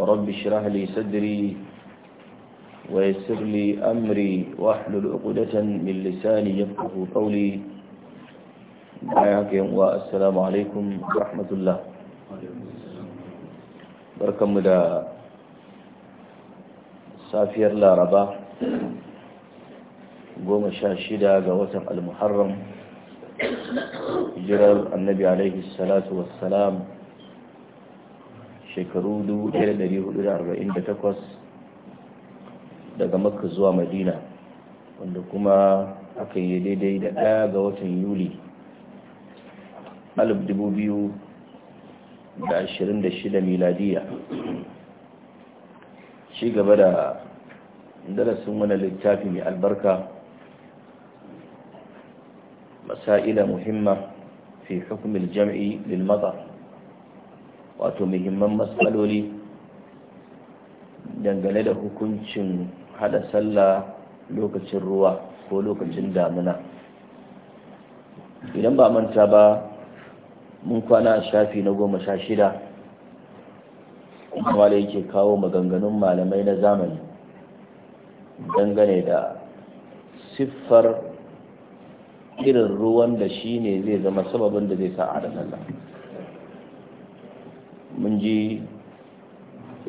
ورب اشرح لي صدري ويسر لي أمري واحلل عقدة من لساني يفقه قولي معاكم والسلام عليكم ورحمة الله بركم دا سافير لا ربا قوم شاشدا قوتم المحرم جرال النبي عليه الصلاة والسلام shekaru 1448 daga makka zuwa madina wanda kuma aka yi daidai da ɗaya ga watan yuli 2026 miladiya shi gaba da darasin wani littafi mai albarka masa'ila muhimma fi hukumin jam'i lil wato muhimman matsaloli dangane da hukuncin hada sallah lokacin ruwa ko lokacin damuna idan ba manta ba mun kwana a shafi na goma sha shida kuma wale yake kawo maganganun malamai na zamani dangane da siffar irin ruwan da shi ne zai zama sababin da zai sa a da sallah mun ji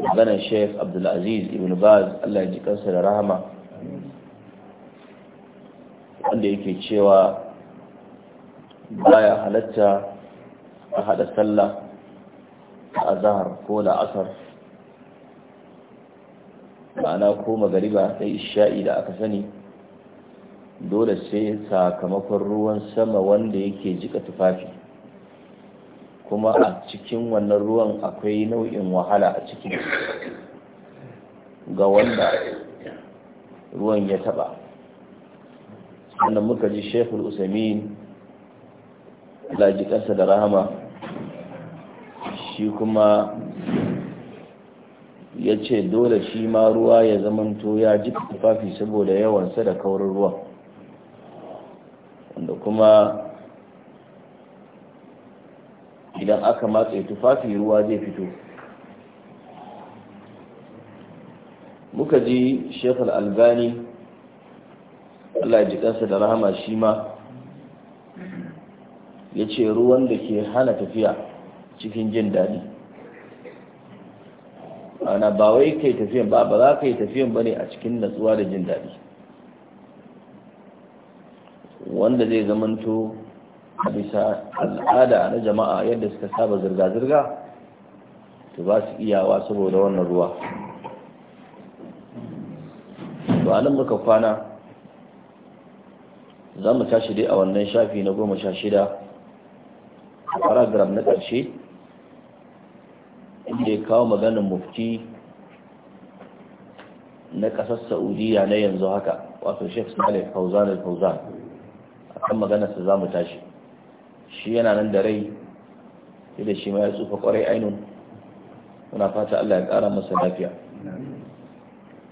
maganar sheikh abdulaziz ibn baz allah ji kansa da rahama wanda yake cewa baya halatta a hada sallah a zahar ko la'asar ma'ana ko magariba da isha'i da aka sani dole sai sakamakon ruwan sama wanda yake jika tufafi kuma a cikin wannan ruwan akwai nau'in wahala a cikin ga wanda ruwan ya taba wanda muka ji shekul usamin lajikarsa da rahama shi kuma ya ce dole shi ma ruwa ya zamanto ya ji tufafi saboda yawansa da kaurin ruwa wanda kuma idan aka matse tufafi ruwa zai fito muka ji shekul albani allah ya ji kansa da rahama shi ma ya ce ruwan da ke hana tafiya cikin jin daɗi ana ba wai kai tafiyan ba ba za ka yi tafiyan ba ne a cikin natsuwa da jin daɗi wanda zai zamanto a bisa al'ada na jama'a yadda suka saba zirga-zirga to ba su iyawa saboda wannan ruwa to nan muka kwana za mu tashi dai a wannan shafi na goma sha shida a paragraf na ƙarshe inda ya kawo maganin mufti na ƙasar saudiya na yanzu haka wato sheikh salih fauzan al-fauzan kan maganarsa za mu tashi shi yana nan da rai sai da shi ma ya tsufa kwarai ainun muna fata Allah ya kara masa lafiya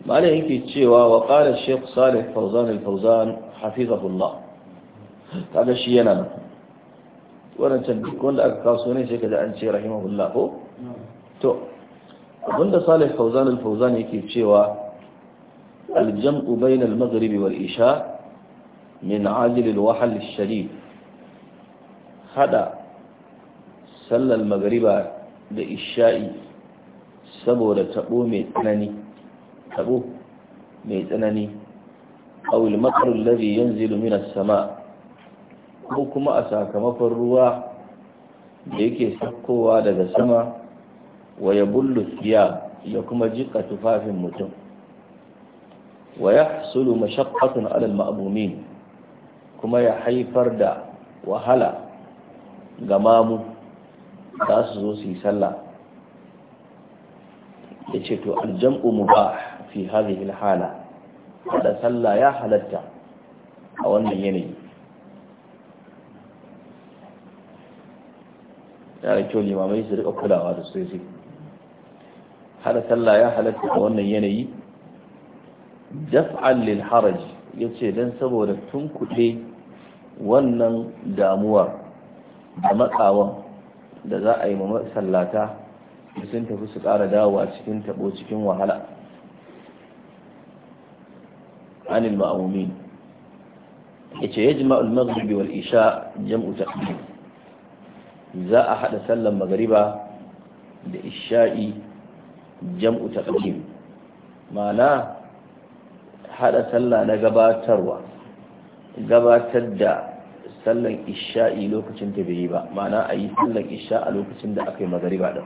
malam yake cewa wa qala shaykh salih fawzan al-fawzan hafizahullah kaga shi yana nan Wadancan duk wanda aka kawo sunan sai kaji an ce rahimahullah ko to abinda salih fawzan al-fawzan yake cewa al-jam'u bayna al-maghribi wal isha min ajil al-wahal al-sharif hada sallar magariba da isha'i saboda tabo mai tsanani tabo mai tsanani awil lari yanzu minas sama ko kuma a sakamakon ruwa da yake sakowa daga sama wa ya bullu ya kuma jika tufafin mutum wa ya sulu mashakkatun alal ma'abumin kuma ya haifar da wahala ga mamu za su zo su yi sallah ya ce to aljam'u mubah fi hadhihi ilhala, da sallah ya halatta a wannan yanayi ya da kyau limamai su rika kulawa da sosai hada sallah ya halatta a wannan yanayi daf'an lil haraji yace dan saboda tunkuɗe wannan damuwar a matsawan da za a yi ma masallata sun tafi su ƙara dawowa cikin tabo cikin wahala anil ma'amumin ya ce ya jima'ul maghribi wal isha jam'u taqdim za a haɗa sallan magariba da isha'i jam'u taqdim ma'ana haɗa sallah na gabatarwa gabatar da sallan isha'i lokacin da bai yi ba ma'ana a yi sallan isha a lokacin da aka yi magariba din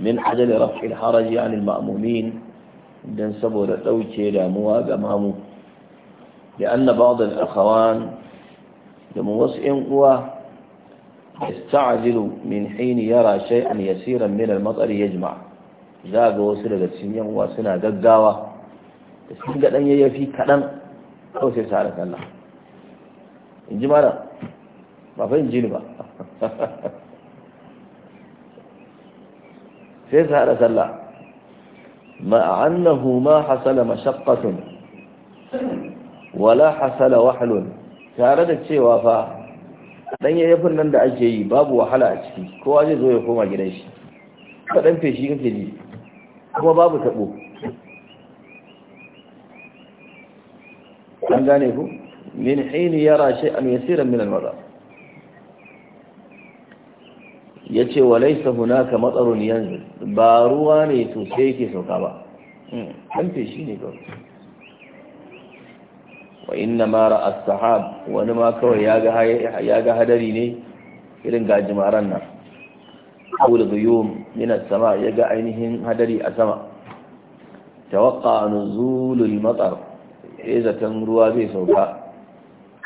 min ajali raf'il haraji anil ma'mumin dan saboda dauke damuwa ga mamu da anna ba'd al akhawan da mu wasu yan uwa yasta'jilu min hin yara shay'an yasiran min al matsari yajma za ga wasu daga cikin yan uwa suna gaggawa da sun ga dan yayyafi kadan kawai sai su Allah in ji mana ba fa in ni ba sai sa haɗa sallah ma'annahu ma hasala mashaqqatun wala hasala wahlun tare da cewa fa dan yayyafin nan da ake yi babu wahala a ciki kowa zai zo ya koma gidan shi ka dan feshi kake ji kuma babu tabo an gane ku min hini yara shay'an yasiran min al yace walaysa hunaka matsarun yanzu ba ruwa ne to sai yake sauka ba an feshi ne ba wa inna ma ra'a sahab wani ma kawai ya ga hadari ne irin gajimaran nan aw da biyum min as-sama ya ainihin hadari a sama tawaqqa nuzulul matar eh zaton ruwa zai sauka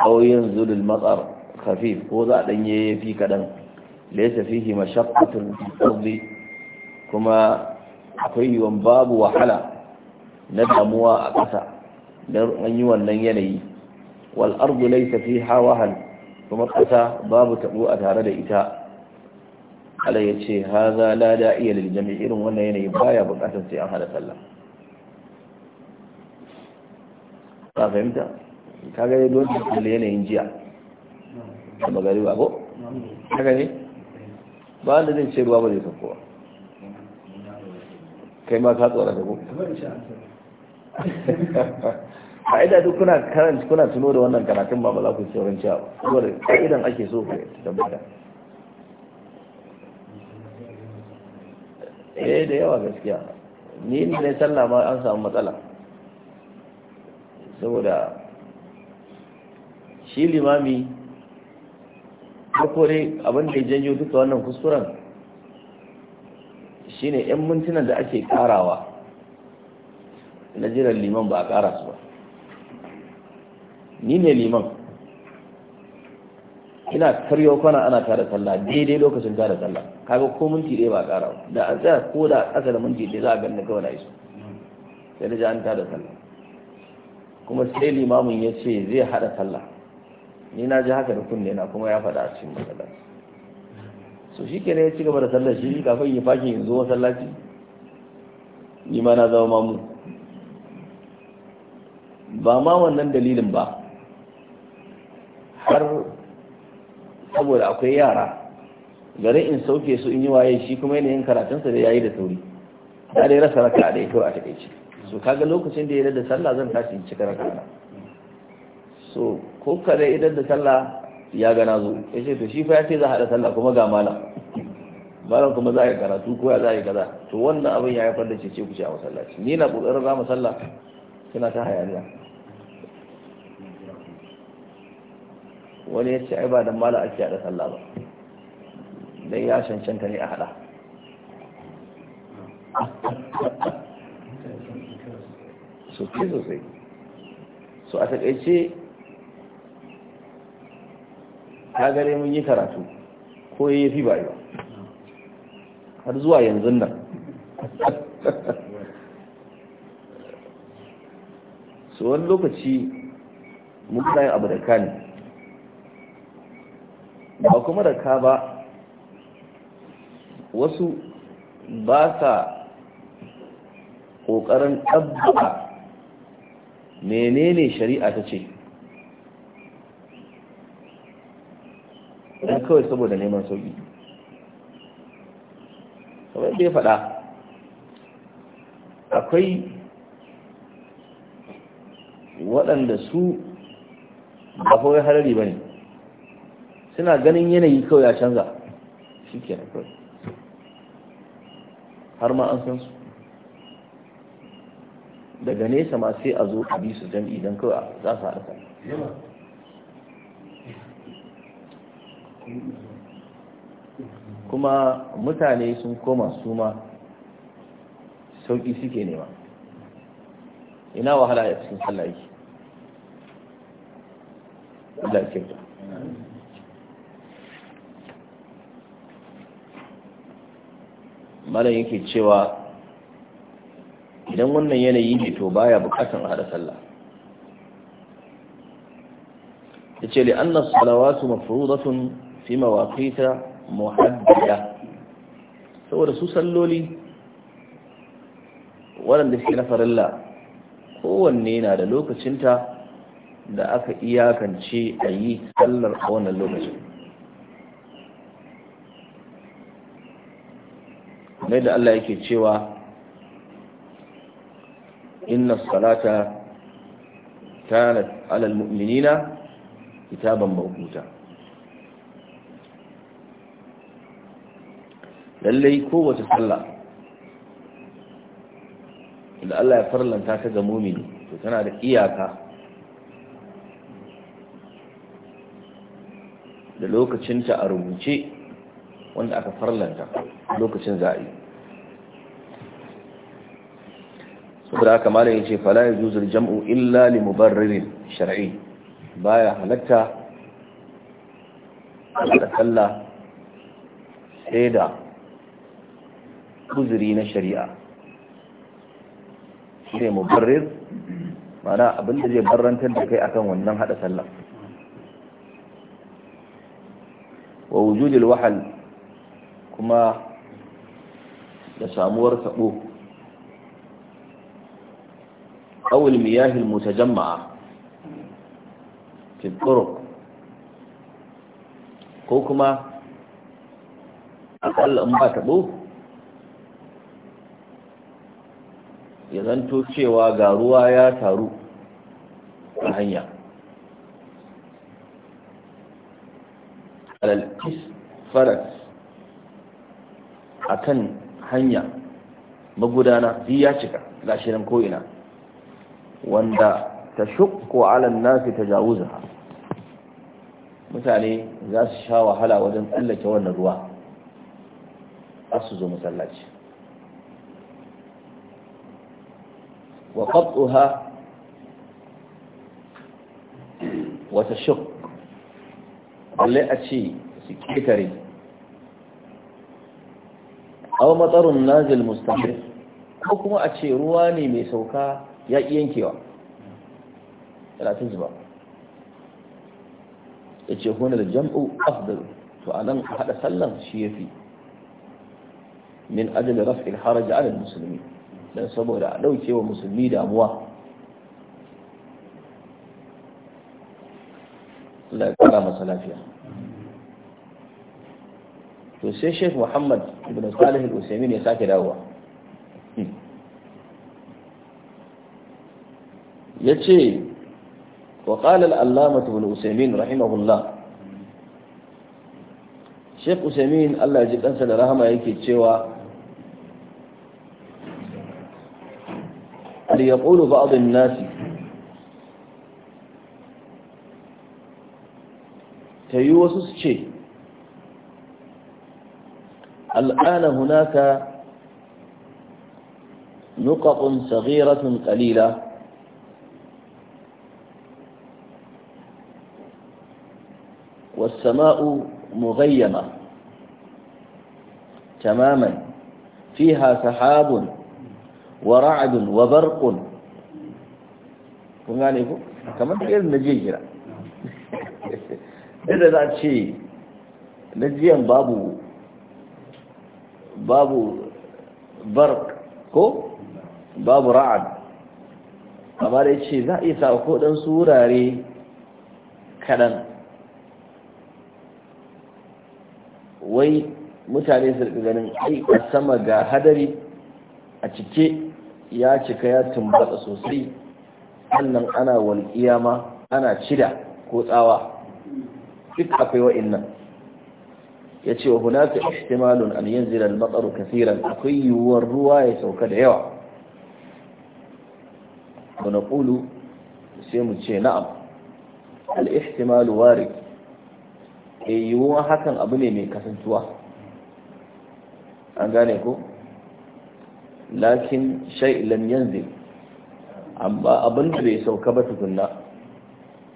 auyin zulul matsar khafif ko za a ya fi kaɗan, kadan laysa fihi mashaqqatun ardi kuma akwai yiwon babu wahala na damuwa a ƙasa don an yi wannan yanayi wal ardu tafi hawahal kuma ƙasa babu taɓo a tare da ita ala ya ce haza la iya lil jami' irin wannan yanayi baya bukatar sai an hada sallah ka fahimta kaga ne don kalle yanayin jiya A magari ba ko kaga ne ba wanda zai ce ruwa ba zai sauko ba kai ma ka tsora da ko a ida duk kuna karanta kuna tuno da wannan karatun ba ba za ku sauran cewa ba da ka'idan ake so ku tabbata eh da yawa gaskiya ni ne sallama an samu matsala saboda shi limami kore abin da ya janyo duka wannan kuskuren shine yan mintunan da ake karawa na jiran liman ba a kara su ba ni ne liman ina karyo kwana ana tara sallah daidai lokacin tara sallah kaga ko minti ɗaya ba a kara da an tsaya ko da aka da minti ɗaya za a ganin kawai na iso sai da ji an tara sallah kuma sai limamin ya ce zai haɗa sallah ni na ji haka da kunne na kuma ya faɗa a cikin masallaci so shi kenan ya ci gaba da sallar shi kafin ya faki yanzu masallaci ni ma na zama mamu ba ma wannan dalilin ba har saboda akwai yara garin in sauke su in yi waye shi kuma yanayin karatunsa da ya yi da sauri ya dai rasa raka da ya kawai a takaice so kaga lokacin da ya da sallah zan tashi in cika raka so ko kare idan da sallah ya gana zo ya ce to shi fa ya ce za a haɗa sallah kuma ga malam malam kuma za a yi karatu ko ya za a yi kaza to wannan abin ya haifar da ce ku kuce a masallaci ni na ƙoƙarin za mu sallah suna ta hayaniya wani ya ce ai ba da malam ake haɗa sallah ba dan ya shancanta ne a haɗa ke sosai so a taƙaice ta gare mun yi karatu ko ya fi ba har zuwa yanzu nan su wani lokaci mun yin abu da kani ba kuma da ka ba wasu ba sa ƙoƙarin ɗabba menene shari'a ta ce idan kawai saboda neman sauki kamar yadda ya faɗa akwai waɗanda su ba kawai harari ba ne suna ganin yanayi kawai a canza shi ke kawai har ma an san su daga nesa ma sai a zo a bi su jam'i don kawai za su haɗa kuma mutane sun koma su ma sauƙi suke nema ina wahala ya cikin sallah yake malam yake cewa idan wannan yanayi ne to baya bukatan hada sallah yace li anna salawatu mafruḍatun fi mawaqita muhaddada saboda su salloli waɗanda ke na farilla kowanne na da lokacinta da aka iyakance a yi sallar a wannan lokacin mai yadda Allah yake cewa inna salata kanat alal mu'minina kitaban mawquta lallai kowace sallah da Allah ya farlanta ta ga mumini to tana da iyaka da lokacinta a rubuce wanda aka farlanta lokacin za'i saboda haka malam yace fala yuzul jam'u illa li mubarririn shar'i baya halatta da sallah sai da uzuri na shari'a shi ne mubarrir mana abinda zai barrantar da kai akan wannan hada sallah wa wujudil wahal kuma da samuwar sabo awul miyahil mutajamma'a fi turuq ko kuma akalla in ba tabo ya zanto cewa ga ruwa ya taru a hanya alalkis faras a kan hanya magudana zai ya cika ga gashinan ko'ina wanda ta shukko alan nasi ta jawuza mutane za su sha wahala wajen tsallake wannan ruwa za su zo masallaci wa qat'uha wa tashuq a ce su ketare aw matarun nazil mustaqir ko kuma a ce ruwa ne mai sauka ya yankewa talatin zuba ya ce hunar jam'u afdal to a nan haɗa sallan shi ya fi min ajiyar raf'il haraji alal musulmi don saboda a ɗauke wa musulmi damuwa Allah ya masa lafiya to sai Sheikh Muhammad ibn Salih al sake dawowa yace wa qala al-allamah ibn Allah ya ji kansa da rahama yake cewa يقول بعض الناس تيوسوس شيء الآن هناك نقط صغيرة قليلة والسماء مغيمة تماما فيها سحاب wa ra'adun wa barqun kun gane ku kamar da irin na jiya kira inda za a ce na jiyan babu babu barq ko babu ra'ad amma da ce za a yi sako dan surare kaɗan wai mutane su ganin ai a sama ga hadari a cike ya cika ya tumbata sosai annan ana walƙiya ma ana cida ko tsawa duk akwai wa'innan ya ce wa hunaka ihtimalun an yanzila al-mataru kaseeran akwai yiwuwar ruwa ya sauka da yawa wa naqulu sai mu ce na'am al-ihtimal warid eh hakan abu ne mai kasantuwa an gane ko lakin shai lam yanzil amma abin da bai sauka ba tukunna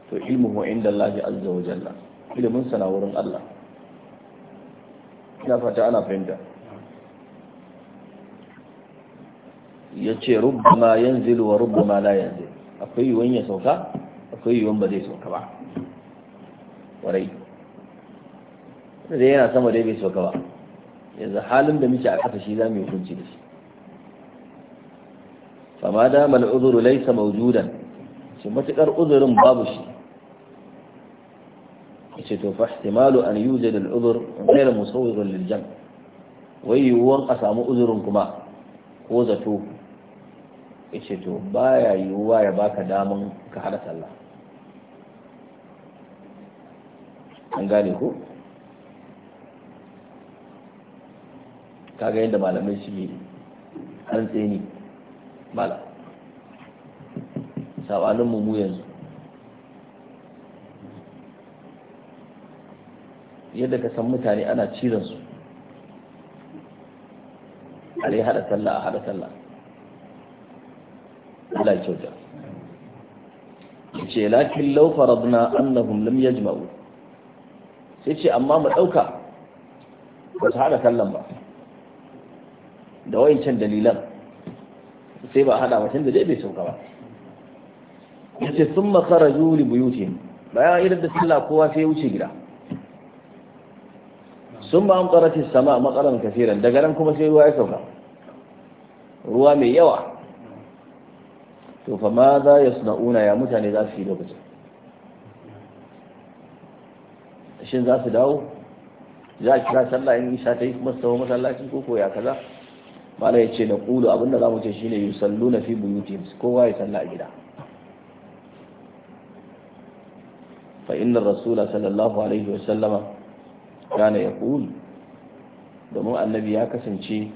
to ilmuhu inda Allah azza wa jalla ilimin sa na wurin Allah ina fata ana fahimta yace rubbama yanzilu wa rubbama la yanzu. akwai yiwuwan ya sauka akwai yiwuwan ba zai sauka ba warai da yana sama dai bai sauka ba yanzu halin da muke a kafa shi za mu yi hukunci da shi fama dama al'uzuru laisa mawjudan shi matuƙar uzurin babu shi yace to fa ihtimalu an yujad al'uzur ghayr musawwir lil jam wai yiwuwan a samu uzurin kuma ko zato yace to ya yiwuwa ya baka daman ka hada sallah an gane ko kaga yadda malamai shi ne an tseni Bala sabanin mu yanzu yadda ka san mutane ana ciran su a dai haɗa talla a hada sallah Allah ya kyauta ce lakin law faradna annahum lam jima'u. sai ce amma mu ɗauka ba su haɗa tallan ba da wayancan dalilan sai ba hada wa da dai bai sauka ba ya ce sun makara juli buyutin bayan idan da sallah kowa sai ya wuce gida sun ba an ƙarati sama a kafiran daga nan kuma sai ruwa ya sauka ruwa mai yawa to fa ma za ya ya mutane za su yi lokacin shin za su dawo za a kira sallah in isa ta yi kuma su masallaci ko ko ya kaza mala ya ce na kulu abinda za mu ce shine yusallu na fi buyutihim kowa ya salla a gida fa inna rasula sallallahu alaihi wa sallama ya yaqul domin annabi ya kasance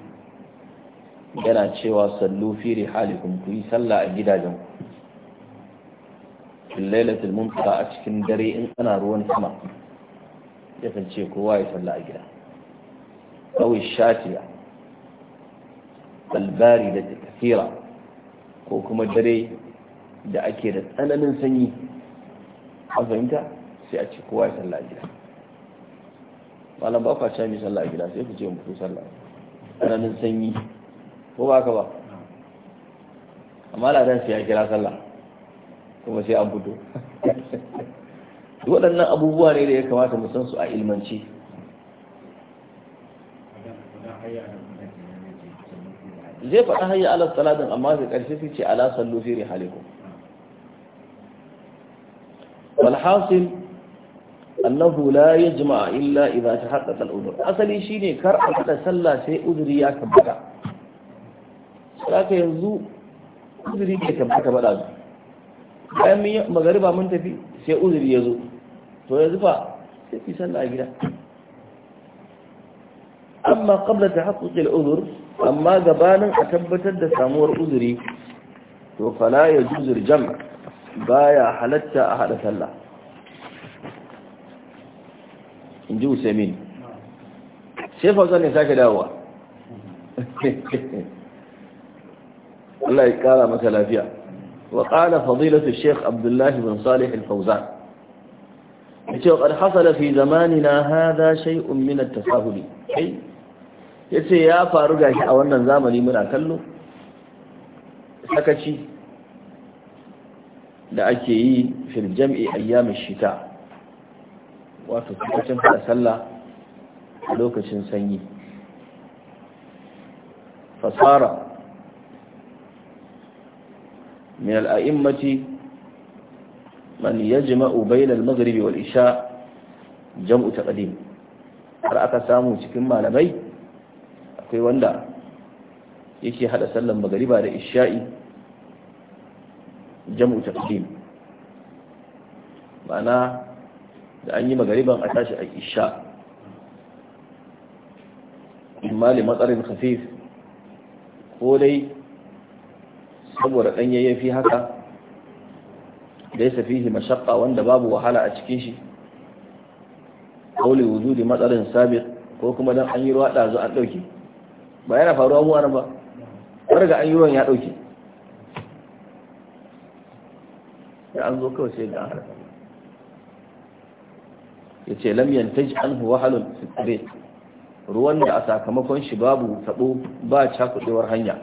yana cewa sallu firi rihalikum ku yi salla a gidajen fil lailatul mumtara a cikin dare in ana ruwan sama ya kance kowa ya sallah a gida aw shatiya albari da kasira ko kuma dare da ake da tsananin sanyi a fahimta sai a ce kowa ya salla a gida malam ba kwa mai salla a gida sai ku ce mu fito salla tsananin sanyi ko ba ka ba amma ladan sai ya kira salla kuma sai an fito waɗannan abubuwa ne da ya kamata mu san su a ilmance zai faɗa hayya ala salatin amma sai ƙarshe sai ce ala sallu fi rihalikum wal hasil annahu la yajma illa idza tahaqqaqa al udhr asali shine kar a kada sallah sai udhri ya tabbata saka yanzu udhri bai tabbata ba da bayan mun magariba mun tafi sai udhri ya zo to yanzu fa sai ki sallah a gida amma qabla tahaqqaq al udhr amma gabanin a tabbatar da samuwar uzuri to fala ya juzur jam baya halatta a hada sallah in ji usaimin sai fauzan ne sake dawowa Allah ya kara masa lafiya wa qala fadilatu sheikh abdullahi bin salih al-fawzan yace qad hasala fi zamanina hada shay'un min at-tasahuli ya ce ya faru gashi a wannan zamani muna kallo sakaci da ake yi fil jam'i ayyamin shita wato lokacin fada sallah a lokacin sanyi fasara min al'a'immati man yajma'u bayna al-maghrib wal isha jam'u taqdim har aka samu cikin malamai akwai wanda yake hada sallan magariba da isha'i jam'u taqdim ma'ana da an yi magariban a tashi a isha amma li matsarin khafif ko dai saboda dan fi haka laysa fihi mashaqqa wanda babu wahala a cikin shi ko li wujudi matsarin sabiq ko kuma dan an yi ruwa da zo an dauke ba yana faruwa abuwa nan ba har ga an ya dauke ya ɗauke an zo kawai sai ga ya ce lamyan ta ji an huwa halin ruwan da a sakamakon shi babu taɓo ba cakudewar hanya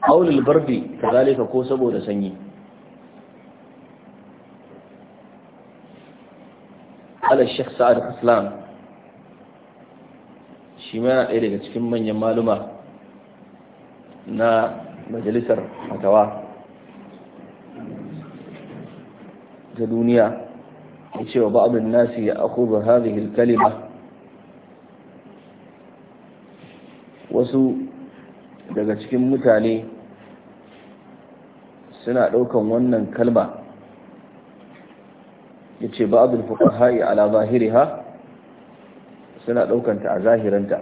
haulul ta zalika ko saboda sanyi ala shekh sa'ad islam shi ma yana ɗaya daga cikin manyan maluma na majalisar fatawa ta duniya ya ce wa ba'abin nasi ya akubu hadhihi kalima wasu daga cikin mutane suna ɗaukan wannan kalma ya ce ba'abin fuka ha'i ala zahiriha suna ɗaukanta a zahirinta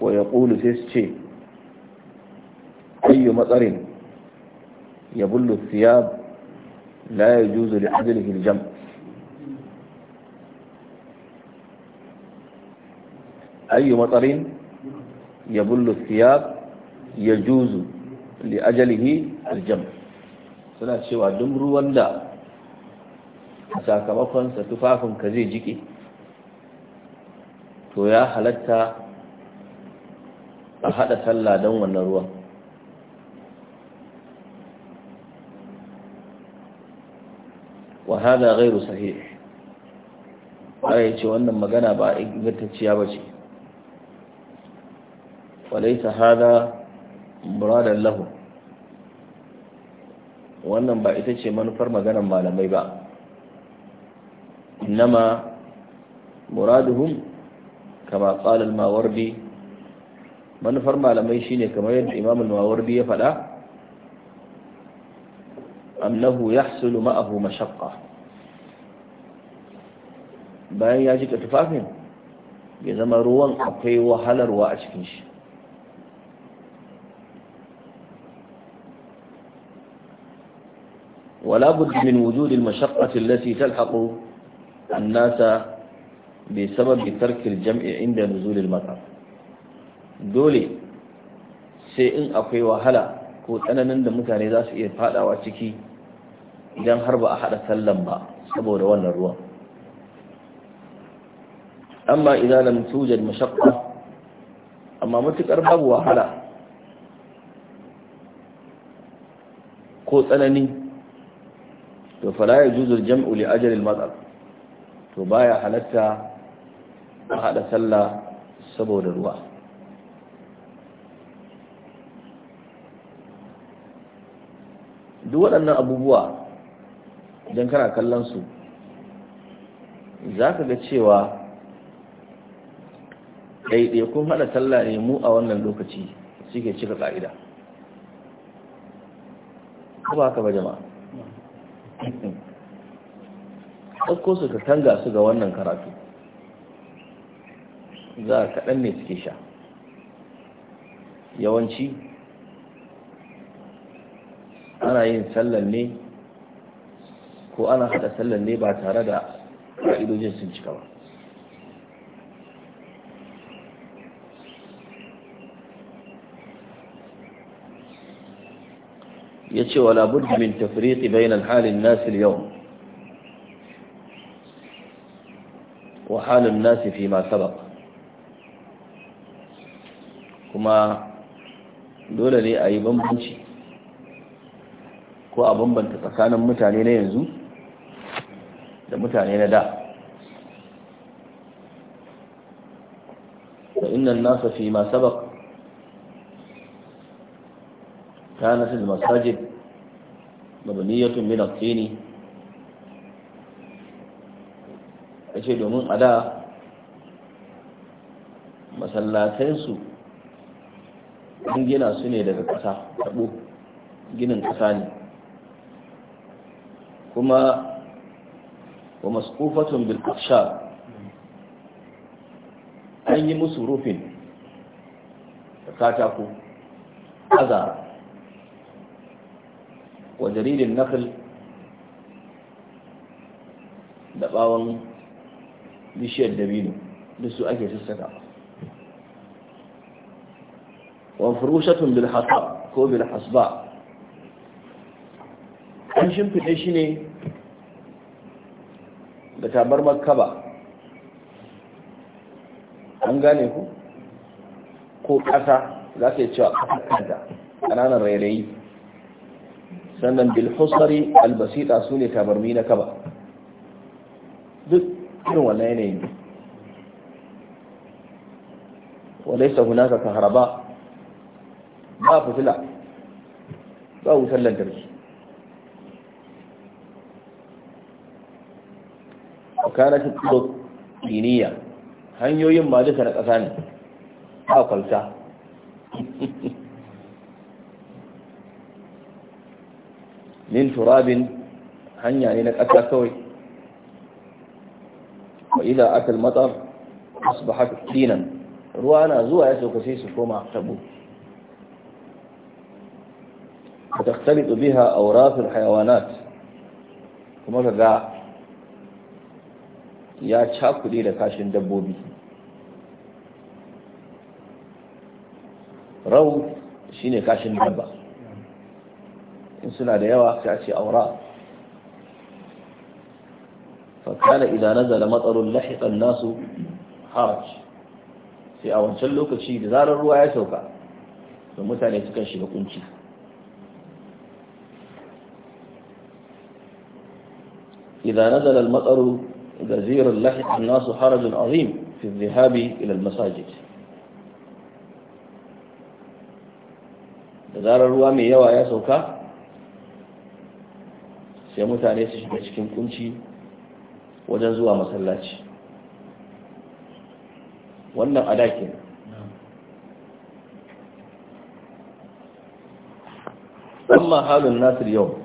wa ya ƙulu sai su ce ayyu matsarin ya bullu siyab la ya juzu da ajilihin jam ayyu matsarin ya bullu siyab ya juzu da ajalihi aljam suna cewa duk ruwan da sakamakonsa tufafinka zai jike to ya halatta a haɗa sallah don wannan ruwan wa hada gairu sahih ya ce wannan magana ba ingantacciya ba ce walaisa hada muradan lahu wannan ba ita ce manufar maganan malamai ba inama muraduhum kama qala al-mawardi manufar malamai shine kamar yadda imam al-mawardi ya faɗa annahu yahsulu ma'ahu mashaqqa bayan ya jika tufafin ya zama ruwan akwai wahalarwa a cikin shi ولا بد من وجود المشقة التي تلحق الناس bai sababi tarkil jam'i inda nuzulil matar dole sai in akwai wahala ko tsananin da mutane za su iya fadawa ciki idan har ba a hada sallan ba saboda wannan ruwan amma idan lam tujad mashaqqa amma matukar babu wahala ko tsanani to fala yajuzu al-jam'u li ajali al to baya halatta a haɗa sallah saboda ruwa duk waɗannan abubuwa idan kana kallon su za ka ga cewa ɗaiɗaikun haɗa talla ne mu a wannan lokaci suke cika ƙa'ida ko ba ka ba jama'a mm-hmm. ɗauko su ka tanga su ga wannan karatu za kaɗan ne suke sha yawanci ana yin sallan ne ko ana haɗa sallan ne ba tare da ƙa'idojin sun cika ba ya ce wala budda min tafriqi bainal halin nasil yau wa halin nasi fi ma kuma dole ne a yi bambanci ko a bambanta tsakanin mutane na yanzu da mutane na da da innan nasa fi ma sabak كانت المساجد مبنية من الطين ce domin a da su an gina su ne daga ƙasa taɓo ginin kasa ne kuma wa maskufatun bil an yi musu rufin da katako aza wa jaririn nakal da bawon bishiyar dabino da su ake sassaka wa furushatun bil hasab ko bil hasba an shimfiɗe shi da tabar makaba an gane ku ko ƙasa za ka yi cewa kanta ƙananan rairayi sannan bilhussari albasita su ne na kaba duk irin wannan ka haraba حافظ لا باو سلن درج وكانت الطرق دينية هن يوين ما دسنا قسان حاقلتا من فراب هن يعني نتأكل سوي وإذا أكل مطر أصبحت كينا روانا زوا يسوك سيسو كما أحتبوه وتختلط بها أوراث الحيوانات kuma ka ga ya cakuɗe da kashin dabbobi rau shine kashin dabba in suna da yawa sai a ce aura fakala idan nazala matsalun lahiƙan nasu haraj sai a wancan lokaci da zarar ruwa ya sauka da mutane sukan shiga ƙunci. إذا نزل المطر Matsaru, لحق الناس حرج عظيم في الذهاب إلى المساجد da zarar ruwa mai yawa ya sauka sai mutane su shiga cikin kunci wajen zuwa masallaci wannan ada ke amma halin nasir yau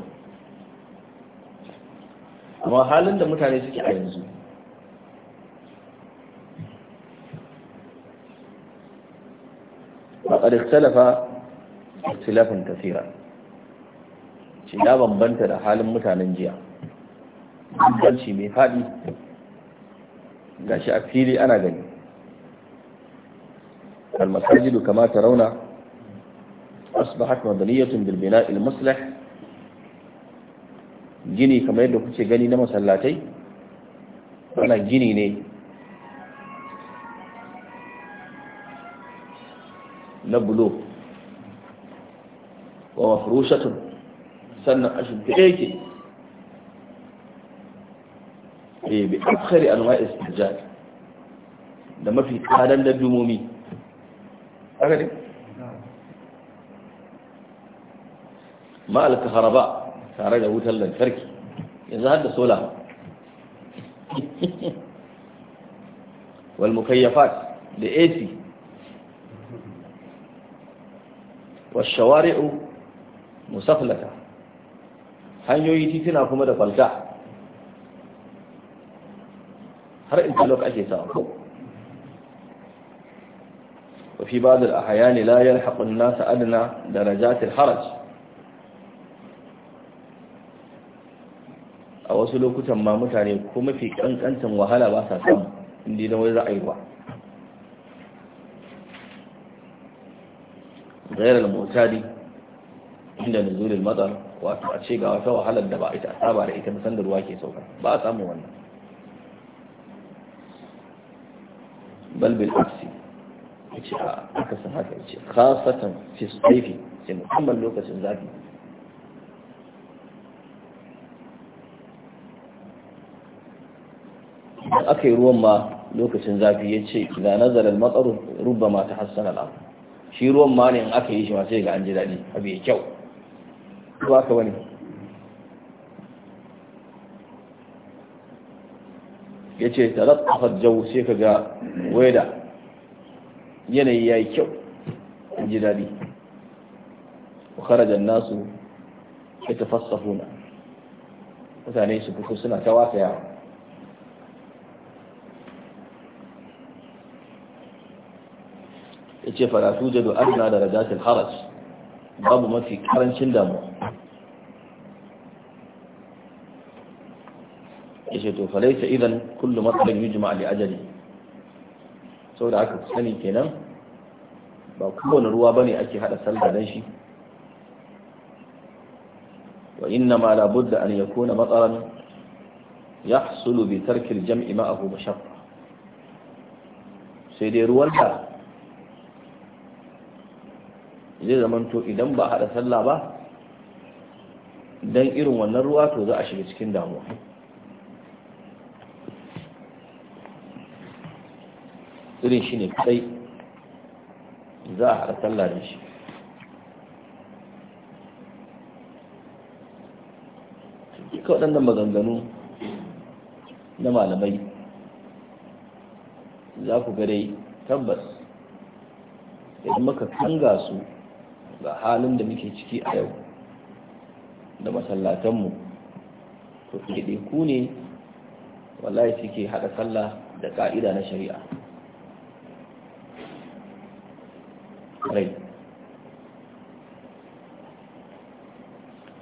amma halin da mutane suke a yanzu faƙar ikhtalafa ikhtilafin kasira ce ya bambanta da halin mutanen jiya bambanci mai faɗi gashi a fili ana gani kamata rauna. ترون أصبحت مدنية bilbina المصلح gini kamar yadda kuke gani na masallatai wannan gini ne na bulo wa mafurushatun sannan a shimfiɗe yake e bi akari anwa istijjal da mafi tsadan da dumomi akari ma'alka haraba tare da wutar lantarki yanzu har da sola wal mukayyafat da AC wal shawari'u musaflata hanyoyi titina kuma da falta har interlock ake samu وفي بعض الأحيان لا يلحق الناس أدنى darajatil Haraj. wasu lokutan ma mutane ko mafi kankantan wahala ba sa samu inda na wani ra'ayi ba gairar mutari inda nuzulul matsar wato a ce ga wata wahalar da ba ita saba da ita musan da ruwa ke sauka ba a samu wannan balbil aksi ya ce a akasin haka ya ce kasatan fi su sai musamman lokacin zafi in aka yi ruwan ma lokacin zafi ya ce da nazarar matsaro rubba ma ta hassana shi ruwan ma ne in aka yi shi ma sai ga an ji daɗi abu ya kyau ko aka wani ya ce ta rattafar jau sai ka ga weda yanayi ya yi kyau an ji daɗi kharajan nasu ya tafasa huna mutane su fito suna ta wasa yawa yace fa la tujadu da darajatil haraj babu mafi karancin damuwa yace to fa laysa idan kullu matsalin yujma li ajali da aka sani kenan ba kowane ruwa ne ake hada salda don shi wa inna ma la budda an yakuna matsalan yahsulu bi tarki jami ma'ahu mashaqqa sai dai ruwan da zai zamanto idan ba haɗa sallah ba don irin wannan ruwa to za a shiga cikin damuwa irin shi ne kai za a haɗa sallah da shi duka waɗannan maganganu na malamai za ku ga dai tabbas idan muka kanga su ga halin da muke ciki a yau da masallatanmu to ku ne wallahi suke haɗa sallah da ƙa'ida na shari'a rai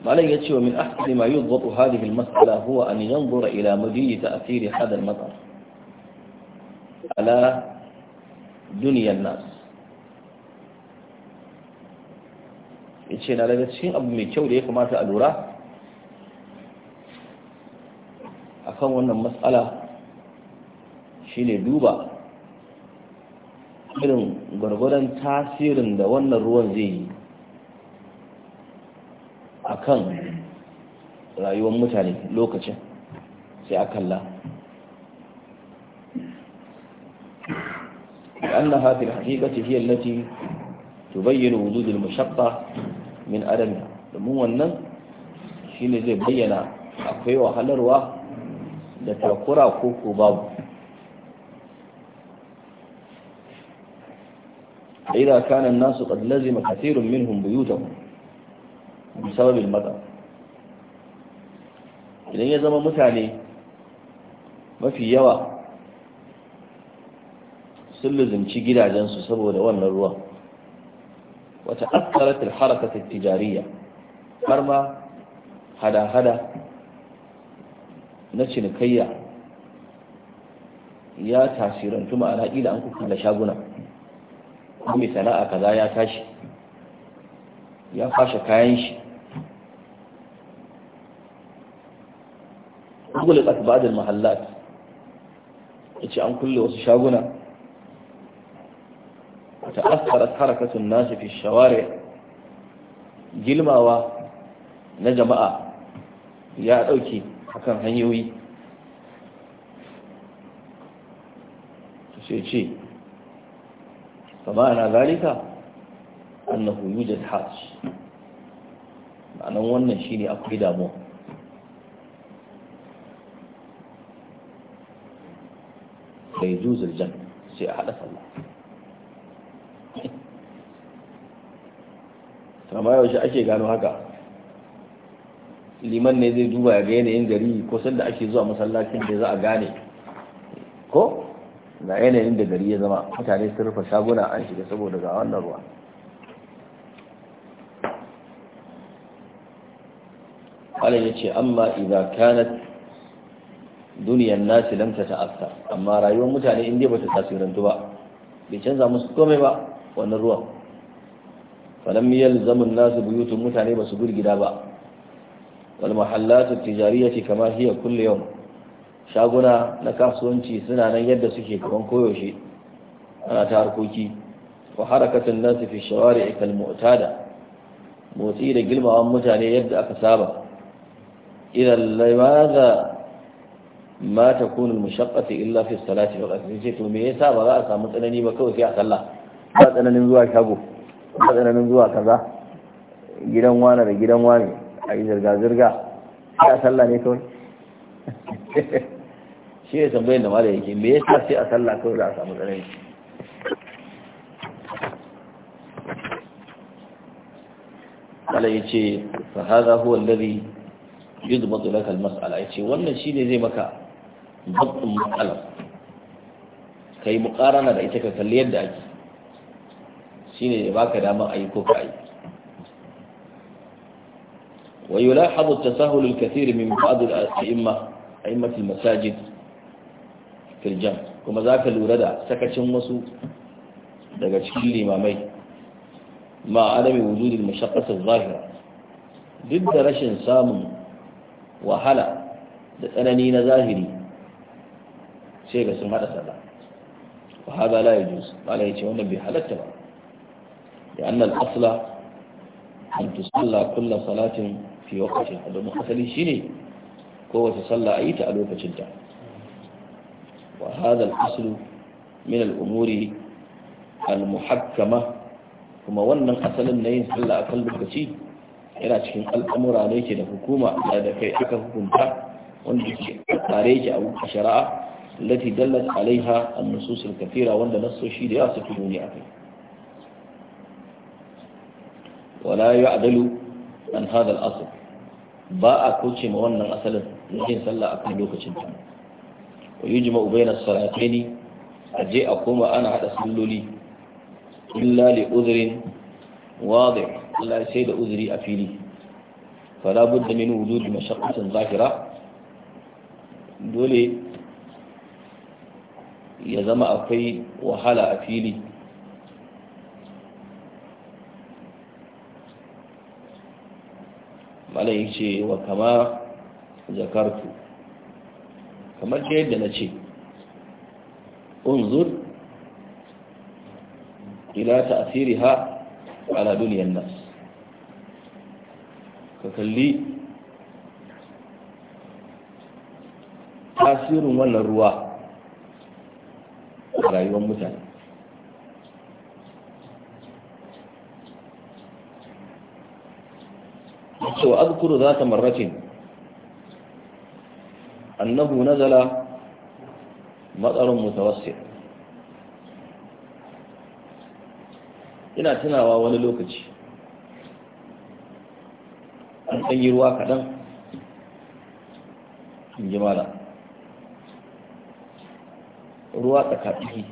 malai ya ce wa min ahsani ma yudbatu hadhihi al-mas'ala huwa an yanzura ila madiyi ta'thiri hadha al-matar ala duniyan nas ce na daga cikin abu mai kyau da ya kamata a lura akan wannan matsala shine duba irin gwargwadon tasirin da wannan ruwan zai yi akan rayuwar mutane lokacin sai a kalla لأنها في الحقيقة هي التي تبين وجود المشقة min adami domin wannan shine zai bayyana akwai wahalarwa da takura ko ko babu إذا كان الناس قد لزم كثير منهم بيوتهم بسبب mata idan ya zama mutane mafi yawa sun lizinci gidajensu saboda wannan ruwan wata askarar harkar tijariya har ma hada-hada na cinikayya ya tasirantu ma'ana ila an kuka shaguna mai sana'a kaza ya tashi ya fashe kayan shi gugulat asbadul mahallat yace an kulle wasu shaguna asarat harakatun nasu fi shawari gilmawa na jama'a ya ɗauke akan hanyoyi sai ce ana zalika annahu yujad hajj ma'anan wannan shine akwai damuwa sai juzul jan sai a haɗa sallah amma yaushe ake gano haka liman ne zai duba ya ga yanayin gari ko sanda ake zuwa masallacin da za a gane ko na yanayin da gari ya zama mutane sun rufe shaguna an shiga saboda ga wannan ruwa Allah ya ce amma idan kana duniyar nasi ta tata'assar amma rayuwar mutane in ba bata tasirantu ba bai canza musu komai ba wannan ruwa. falam yalzamun nasu buyutun mutane ba su gurgida ba wal mahallatu tijariyati kama hiya kullu yawm shaguna na kasuwanci suna nan yadda suke kaman koyaushe ana ta harkoki wa harakatun nasu fi shawari'i kal mu'tada motsi da gilmawan mutane yadda aka saba idan limaza ma takunu al-mushaqqatu illa fi as-salati wa to me yasa ba za a samu tsanani ba kawai sai a sallah ba tsananin zuwa shago ba tsananin zuwa kaza gidan wane da gidan wane a yi zirga-zirga sai a sallah ne kawai shi ne tambayin da mala yake me yasa sai a sallah kawai za a samu tsanani ala ya ce fa hadha huwa alladhi yudbatu laka al-mas'ala ya ce wannan shine zai maka dabtun mas'ala kai muqarana da ita ka kalli yadda ake shine ya baka damar ayi ko ka ayi ويلاحظ التساهل الكثير من بعض الأئمة أئمة المساجد في الجمع كما lura da sakacin wasu daga cikin limamai ma adami wujudin mashaqqatul zahira duk da rashin samun wahala da tsanani na zahiri sai ga sun hada sallah wa hada la yajuz ce wannan bai halatta ba لأن الأصل أن تصلى كل صلاة في وقتها هذا أصل شيني كو تصلى أي تألوك جدا وهذا الأصل من الأمور المحكمة kuma wannan asalin na yin sallah akan lokaci yana cikin al'amura ne ke da hukuma da kai aka hukunta wanda ke tsare ki a shari'a lati dallat alaiha an-nusus al wanda nassoshi da yawa suke nuni wala Adalu an hada al ba a kauce ma wannan asalin yin sallah akan lokacin ta wa yujma'u bayna as-salataini aje a koma ana hada salloli illa li udhrin wadih Allah sai da uziri a fili fala budda min wujudi mashaqqatin zahira dole ya zama akwai wahala a fili malam ce wa kama zakartu kamar ce yadda na ce unzur ila ha ala dunyan nas ka kalli tasirin wannan ruwa a rayuwar mutane ce wa azkuru za ta marratin annahu nazala matsarin mutawassit ina tunawa wani lokaci an yi ruwa kaɗan in ji mala ruwa tsakaɗi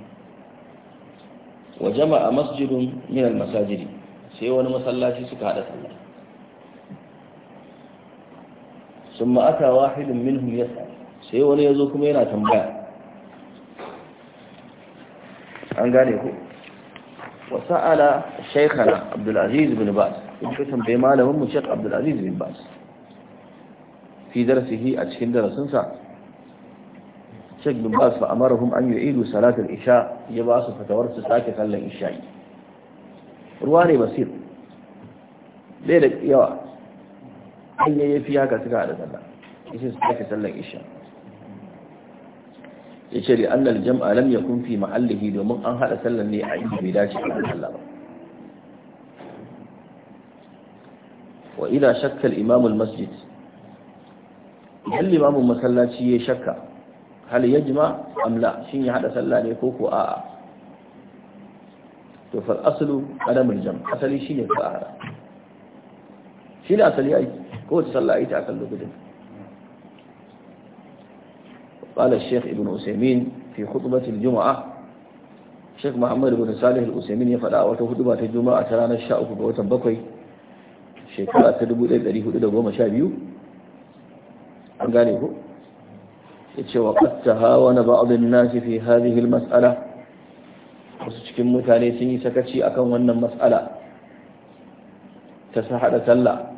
wa jama'a masjidun minal masajiri sai wani masallaci suka haɗa sallah sun ma'ata wahidin minhum ya sai wani ya zo kuma yana tambaya an gane ku wasa'ala shaikana abdulaziz bin bas in ka tambaye malamin mu shek abdulaziz bin bas fi darasihi a cikin darasinsa shek bin bas fa amarahum an yu'idu salatul isha ya ba su fatawar su sake kallon isha'i ruwa ne basir bai da yawa an ya fi haka suka hada sallah yace su sake sallar isha Ya ce da annal jam'a lam yakun fi mahallihi domin an haɗa sallar ne a inda bai dace a sallah ba wa ila shakka al masjid hal imam masallaci ya shakka hal ya am Amla shin ya haɗa sallah ne ko ko a'a to fal aslu adam al-jam asali shine fa'ara shi ne asali ai kowace sallah a akan lokacin قال الشيخ ابن عثيمين في خطبة الجمعة شيخ محمد بن صالح العثيمين يفعل وتا خطبة الجمعة ترانا الشاء في وتن بقي شكرا تدبو إلى ذريه إلى قوم شابيو أنقاله yace wa qad hawa na an-nas fi hadhihi masala wasu cikin mutane sun yi sakaci akan wannan mas'ala ta sahada sallah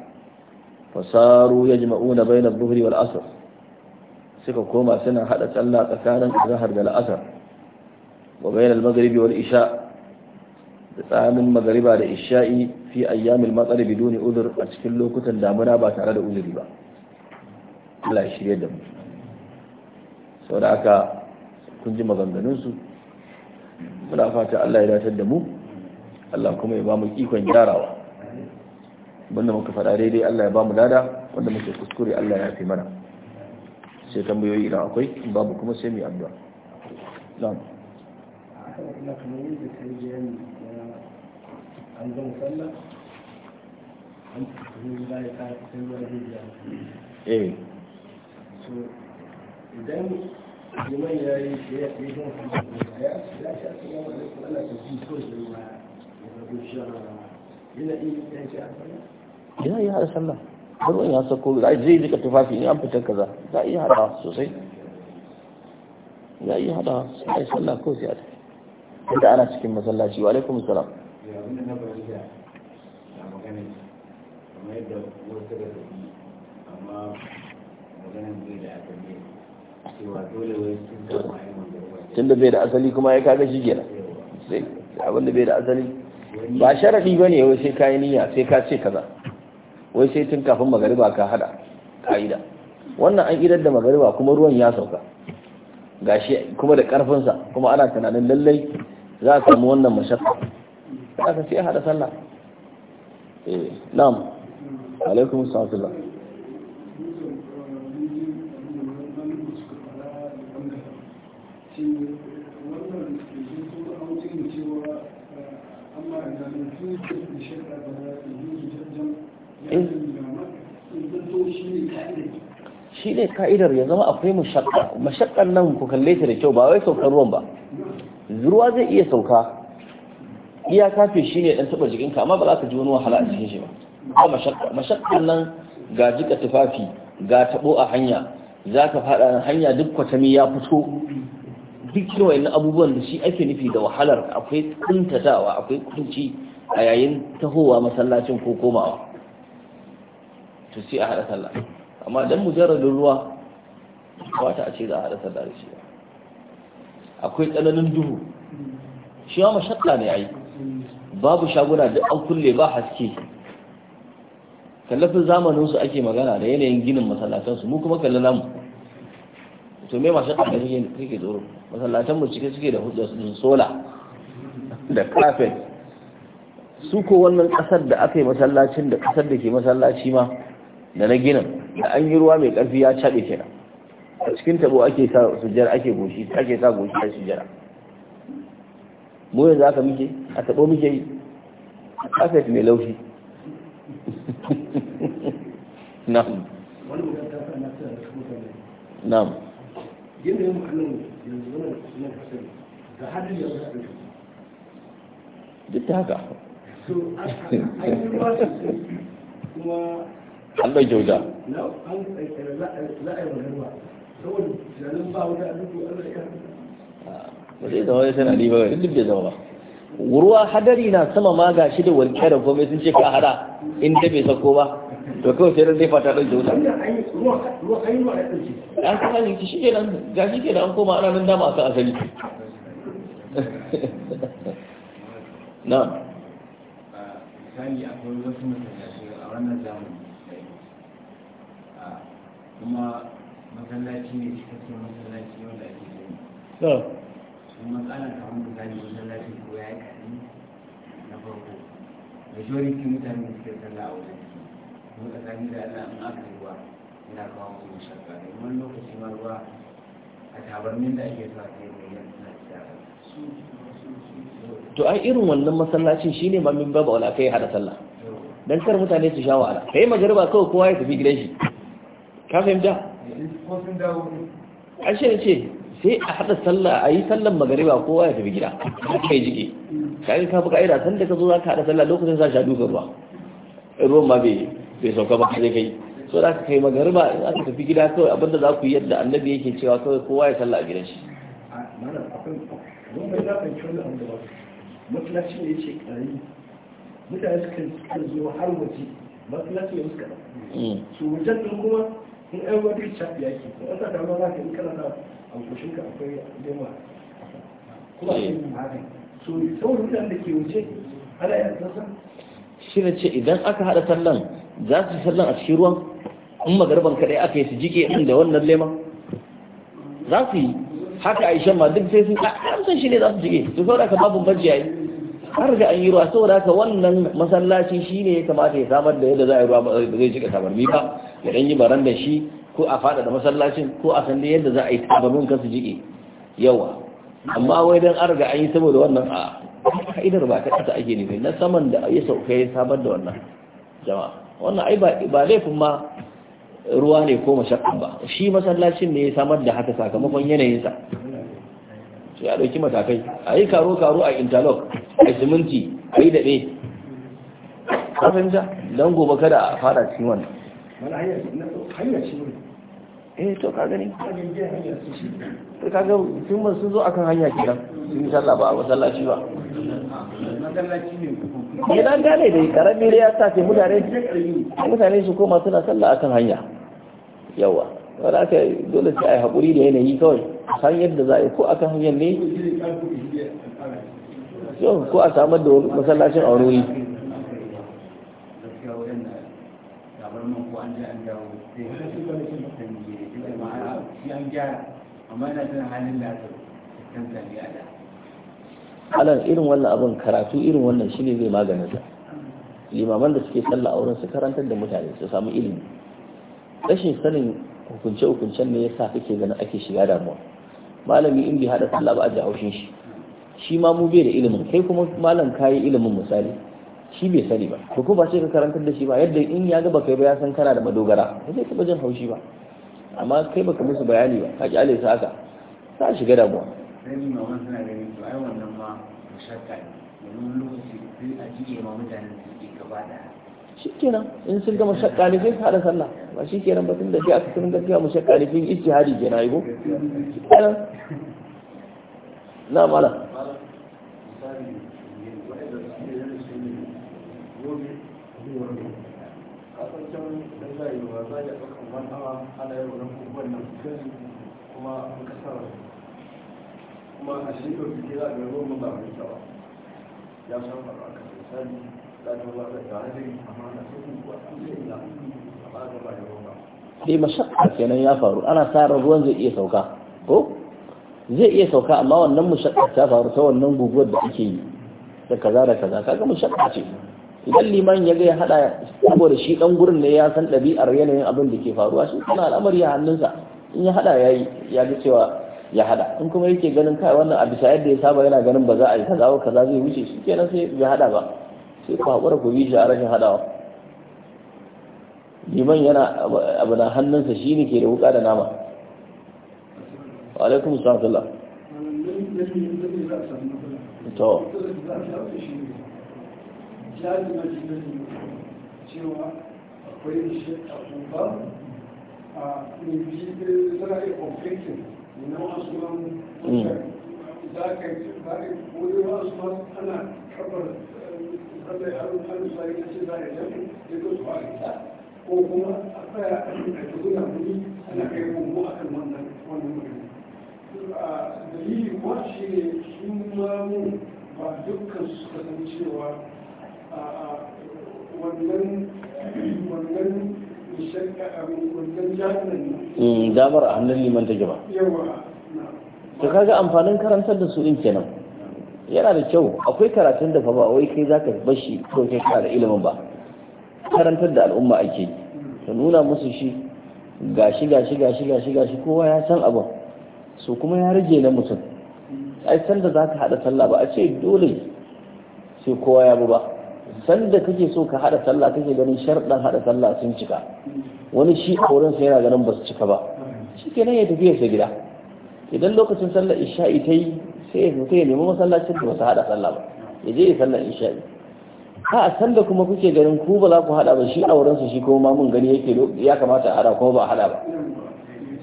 fasaru ya bai na buhuri wal asar suka koma suna haɗa tsalla tsakanin zahar da la'asar wa bayan al wal isha da tsamin magariba da isha'i fi ayyamin matsalar biduni uzur a cikin lokutan damuna ba tare da uzuri ba Allah ya da mu sau da aka kun ji maganganunsu muna fata Allah ya datar da mu Allah kuma ya ba mu ikon gyarawa wanda muka fada daidai Allah ya ba mu lada wanda muke kuskure Allah ya fi mana sai tambayoyi idan akwai babu kuma sai mu addu'a na'am an zan sallah an tafi da ya ta sai wani eh so idan liman ya yi ya yi don ya ya sha sallallahu alaihi wa sallam ta ji so da ya ya rubuta yana iya yin shi a sallah yana iya haɗa sallah wani ya sako zai jika tufafi in an fitar kaza za a iya haɗa sosai za a iya haɗa sai a yi sallah ko sai a tafi inda ana cikin masallaci wa alaikum salam tun da bai da asali kuma ya kaga shi gina sai abinda bai da asali ba sharafi ba ne wai sai ka yi niyya sai ka ce kaza wai sai tun kafin magariba ka hada ka'ida wannan an idar da magariba kuma ruwan ya sauka gashi kuma da karfinsa kuma ana tunanin lallai za a samu wannan za ka sai hada sallah eh na'am alaikum assalam shi ne ka'idar ya zama akwai mashakka mashakkar nan ku kalle ta da kyau ba wai saukar ruwan ba ruwa zai iya sauka iya kafe shi ne dan taba jikinka amma ba za ka ji wani wahala a cikin shi ba ko mashakka nan ga jika tufafi ga tabo a hanya za ka fada hanya duk kwatami ya fito duk irin abubuwan da shi ake nufi da wahalar akwai kuntatawa akwai kunci a yayin tahowa masallacin ko komawa to sai a haɗa sallah amma dan mujarradin ruwa wata a ce za a rasa da shi akwai tsananin duhu shi ma mashakka ne ai babu shaguna duk an kulle ba haske kallafin zamanin su ake magana da yanayin ginin masallatan su mu kuma kallon namu to me mashakka da kake kake masallatan mu cike suke da hujjar su sola da kafet su ko wannan kasar da aka yi masallacin da kasar da ke masallaci ma da na ginin da an yi ruwa mai ƙarfi ya caɓe kenan a cikin tabo ake sa sujjar ake goshi ake sa goshi a sujjara mu za ka muke a tabo muke yi aka mai laushi na'am na'am yanayin ma'anin a duk da haka kuma an ɗauke wuta ba zai zama sai na riba ga duk bai zama ba ruwa hadari na sama ma ga shi da walƙiya da komai sun ce ka hada in ta bai sako ba to kawai sai ran zai fata ɗauke wuta an kuma yanki shi kenan ga shi kenan an koma ana nan dama a asali na misali akwai wasu mutane a wannan zamani kuma masallaci ne cikakken masallaci wanda ake gani kuma matsalar za misali masallaci ko ya yi kaɗi na farko majority mutane suke sallah a wajen su kuma tsakani da Allah in aka ruwa yana kawo musu mashaka da wani lokaci ma ruwa a tabarmin da ake sa sai mai yan suna to ai irin wannan masallacin shine ma min babu wala kai hada sallah dan kar mutane su sha wahala kai magariba kawai kowa ya tafi gidan shi ka fahimta ashe ce sai a haɗa sallah a yi sallan magariba kowa ya tafi gida kai jiki kayan ka fi ka'ida san da ka zo za ka haɗa sallah lokacin sa shaɗu ka ruwa ruwan ma bai sauka ba sai kai so za ka kai magariba za ka tafi gida kawai abinda za ku yi yadda annabi yake cewa kawai kowa ya sallah a gidan shi matsalaci ne ce ƙari mutane suka zo har waje matsalaci ne suka mm. su wajen ɗin kuma in ɗan ruwa duk shafi ya ko in ɗan ruwa za ka yi kana sa a kushin ka akwai lema kuma a yi haka so saboda mutanen da ke wuce ana ya sassan shi ne ce idan aka haɗa sallan za su sallan a cikin ruwan in magarban kaɗai aka yi su jike ɗin da wannan lema za su yi haka aisha ma duk sai sun amsan ah, shi ne za su jike su saboda ka babu bacci yayi har ga an yi ruwa saboda haka wannan masallaci shine ya kamata ya samar da yadda za a yi ruwa ba zai jika tabarmi ba ya ɗan yi baran da shi ko a da masallacin ko a san yadda za a yi tabarin kansu jike yawa amma wai don an riga an yi saboda wannan a ka'idar ba ta ake nufi na saman da ya sauka ya sabar da wannan jama'a wannan ai ba laifin ma ruwa ne ko mashakkan ba shi masallacin ne ya samar da haka sakamakon yanayinsa sai a ɗauki matakai a yi karo-karo a interlock a siminti a yi daɗe a fahimta don gobe kada a fara cikin wannan eh to ka gani to ka ga sun man sun zo akan hanya kenan sun yi sallah ba a masallaci ba ne na gane dai karami da ya sa ke mutane su koma suna sallah akan hanya yawa wanda aka dole sai a yi haƙuri da yanayi kawai hanyar da za a yi ko akan hanyar ne ko a samar da masallacin a wani wuri baya amma ina da da irin wannan abin karatu irin wannan shine zai maganin sa limaman da suke sallah a wurin su karantar da mutane su samu ilimi rashin sanin hukunce-hukuncen ne yasa kake gani ake shiga damuwa malami in bi hada sallah ba a ji haushin shi shi ma mu bai da ilimin kai kuma malam kayi ilimin misali shi bai sani ba ko ba sai ka karantar da shi ba yadda in ya ga kai ba ya san kana da madogara ba zai taba jin haushi ba amma kai baka musu bayani ba haƙi alai su haka ta shiga damuwa sai shikenan in sun gama shakka ne hada sallah ba shikenan ba tun da shi aka sun gaskiya mu shakka ne fin ijtihadi kenan ai go shikenan na mala Thank you. ta yi ba za a ɗaukan wani awa ana yi wani abubuwan nan sosai kuma an kasa kuma a shi yau suke za a ga ruwan ba mai kyawa ya san faru a kan misali za a ba da tare amma na sun kuwa an sai da a ba da ba da ruwa dai mashakka kenan ya faru ana sa ruwan zai iya sauka ko zai iya sauka amma wannan mashakka ta faru ta wannan guguwar da ake yi da kaza da kaza kaga mashakka ce idan liman ya ga ya hada saboda shi dan gurin ne ya san dabi'ar yanayin abin da ke faruwa shi kuma al'amari ya hannunsa in ya hada ya ya ga cewa ya hada in kuma yake ganin kai wannan a bisa yadda ya saba yana ganin ba za a yi kaza ba kaza zai wuce shi kenan sai ya hada ba sai ku hakura ku bi a rashin hadawa liman yana abu na hannunsa shi ne ke da wuka da nama alaikum to misali na ne cewa akwai shi a kuma a mai za a yi ofikin na wasu nan za ka yi wani wasu ana kabar eh, haru ce za a yi jami ya zo ko kuma a tsaya a yi a ana kai kuma a kan wannan ne su ma mu ba dukkan su kasancewa damar a hannun liman ta ba ta kaga amfanin karantar da su din kenan yana da kyau akwai karatun da fa ba wai kai zaka bashi ko kai da ilimin ba karantar da al'umma ake ka nuna musu shi gashi gashi gashi gashi gashi kowa ya san abin su kuma ya rage na mutum ai san da zaka haɗa sallah ba a ce dole sai kowa ya bu ba sanda kake so ka hada sallah kake ganin sharɗan hada sallah sun cika wani shi a wurin sa yana ganin ba su cika ba shi nan ya tafi sa gida idan lokacin sallar isha'i ta yi sai ya fita ya nemi masallacin da ba su hada sallah ba ya je ya sallar isha'i ha a sanda kuma kuke ganin ku ba za ku hada ba shi a wurin sa shi kuma ma mun gani yake ya kamata a hada kuma ba a hada ba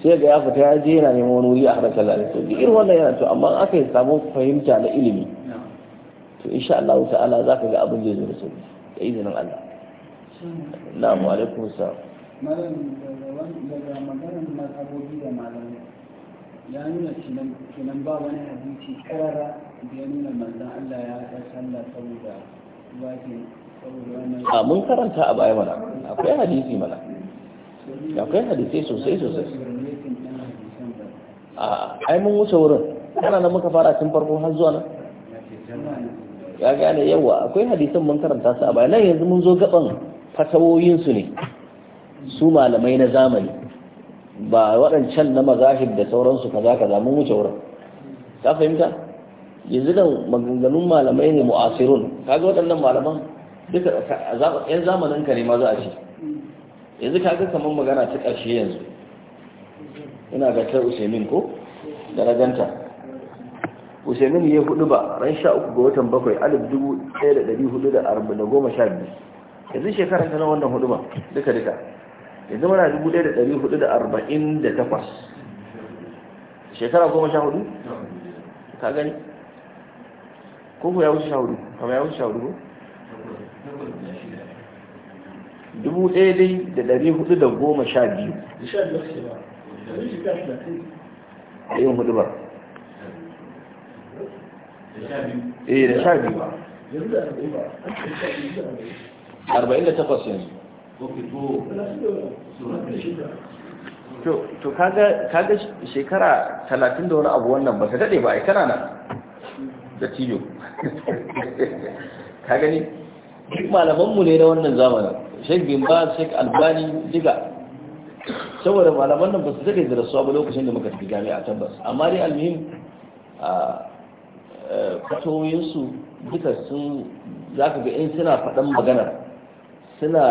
sai ga ya fita ya je yana neman wani wuri a hada sallah da sauki irin wannan yana to amma aka yi samu fahimta na ilimi to insha Allah ta'ala za ka ga abin zai zo da sauki da izinin Allah na'am wa alaikum assalam malam daga maganar mazhabobi da malamai ya nuna kinan ba wani hadisi karara da ya nuna manzon Allah ya saboda a mun karanta a baya mana akwai hadisi mana akwai hadisi sosai sosai a ai mun wuce wurin kana nan muka fara tun farko har zuwa nan ya gane yawa akwai hadisan mun karanta su a baya nan yanzu mun zo gaban fatawoyin su ne su malamai na zamani ba waɗancan na mazahib da sauransu kaza kaza mun wuce wurin ka fahimta yanzu nan maganganun malamai ne mu'asirun ga waɗannan malaman duka yan zamanin ka ne ma a ce yanzu ga kamar magana ta ƙarshe yanzu ina ga ta usaimin ko da raganta usaimin ya hudu ba ran sha uku ga watan bakwai alif dubu ɗaya da ɗari hudu da arba da goma sha biyu yanzu shekara ta na wannan hudu ba duka duka yanzu mana dubu ɗaya da ɗari hudu da arba'in da takwas shekara goma sha hudu ka gani ko ya wuce sha hudu kama ya wuce sha hudu ko dubu ɗaya dai da ɗari hudu da goma sha biyu yin hudu ba eh da sha biyu arba'in da takwas yanzu to To, kaga shekara talatin da wani abu wannan ba ta daɗe ba ai kana nan da tiyo ka gani duk malamanmu ne na wannan zamanin sheik bin ba sheik albani diga saboda malaman nan ba su daɗe da rasuwa ba lokacin da muka tafi jami'a tabbas amma dai almihim ah, fatoyinsu duka sun za ka ga in suna faɗan magana suna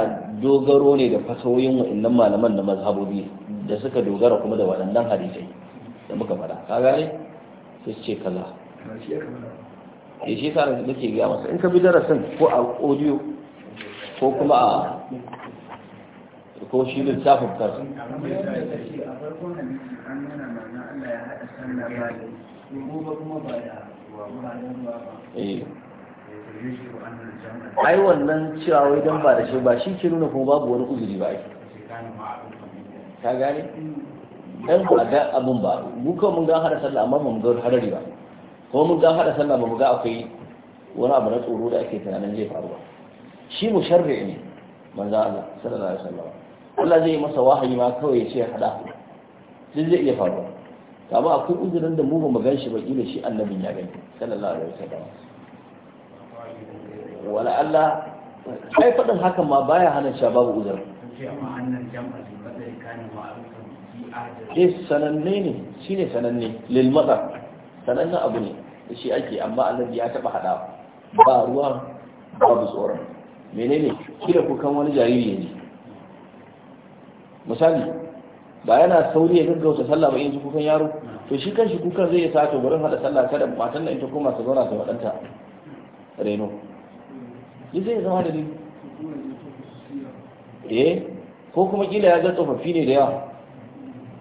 dogaro ne da fatoyin wa'annan malaman da mazhabobi da suka dogara kuma da waɗannan hadisai da muka faɗa ka gane su ce kaza ya eh, shi sa da ke gaya masa in ka bi darasin ko a audio ko kuma a ko shi littafin kansu a farkon an nuna ma'ana Allah ya haɗa sallah ba da kuma ba da Eh. Eh. ai wannan cewa wai don ba da shi ba shi ke nuna kuma babu wani uzuri ba ake ta gane ku ba ga abin ba buka kuma mun ga hada sallah amma mun ga hadari ba kuma mun ga hada sallah ba mu ga akwai wani abu na tsoro da ake tunanin zai faru ba shi mu sharri ne manzo Allah sallallahu alaihi wasallam Allah zai masa wahayi ma kawai ya ce hada duk zai iya faruwa amma akwai uzurin da mu ba mu gan shi ba kila shi annabin ya gani sallallahu alaihi wasallam wala Allah ai fadin hakan ma baya hana sha babu uzur eh sananne ne shine sananne lil madar sananne abu ne shi ake amma annabi ya taba hada ba ruwa babu tsoron menene Kila kukan wani jariri ne misali ba yana sauri ya gaggauta sallah ba in kukan yaro to shi kan shi kukan zai sa to gurin hada sallah kada matan nan ita koma su zauna su wadanta reno duk zai zama da ni eh ko kuma kila ya ga tsofaffi ne da yawa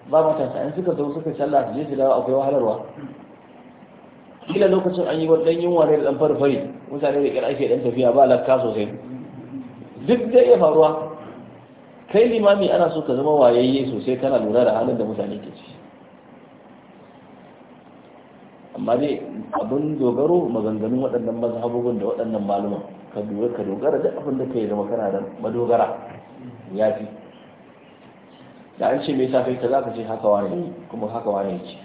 ba matasa in suka zo suka sallah su je su dawo akwai wahalarwa kila lokacin an yi wa dan yunwa ne da dan farfari mutane da kira ake dan tafiya ba lakka sosai duk zai iya faruwa kai limami ana so ka zama wayayye sosai kana lura da halin da mutane ke ci amma dai abin dogaro maganganun waɗannan mazhabobin da waɗannan maluman ka dogara ka dogara duk abin da kai zama kana da madogara ya fi da an ce me yasa kai zaka ka ce haka wani kuma haka wani ce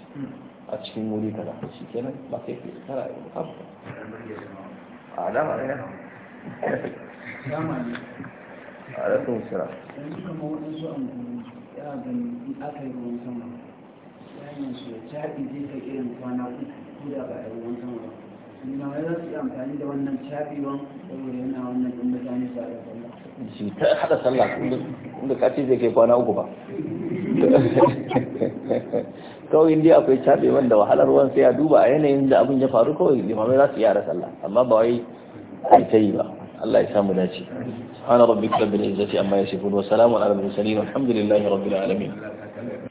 a cikin wuri kaza shikenan ba kai ke yi ba a dama ne alaikun sura shi ta hada sallah inda ka zai kai kwana uku ba kawai inda akwai caɓe wanda wahalar ruwan sai ya duba a yanayin da abin ya faru kawai limamai za su yi yara sallah amma ba wai a ta yi ba Allah ya samu dace subhana rabbika rabbil izzati amma yasifun wa salamun ala al mursalin walhamdulillahi rabbil alamin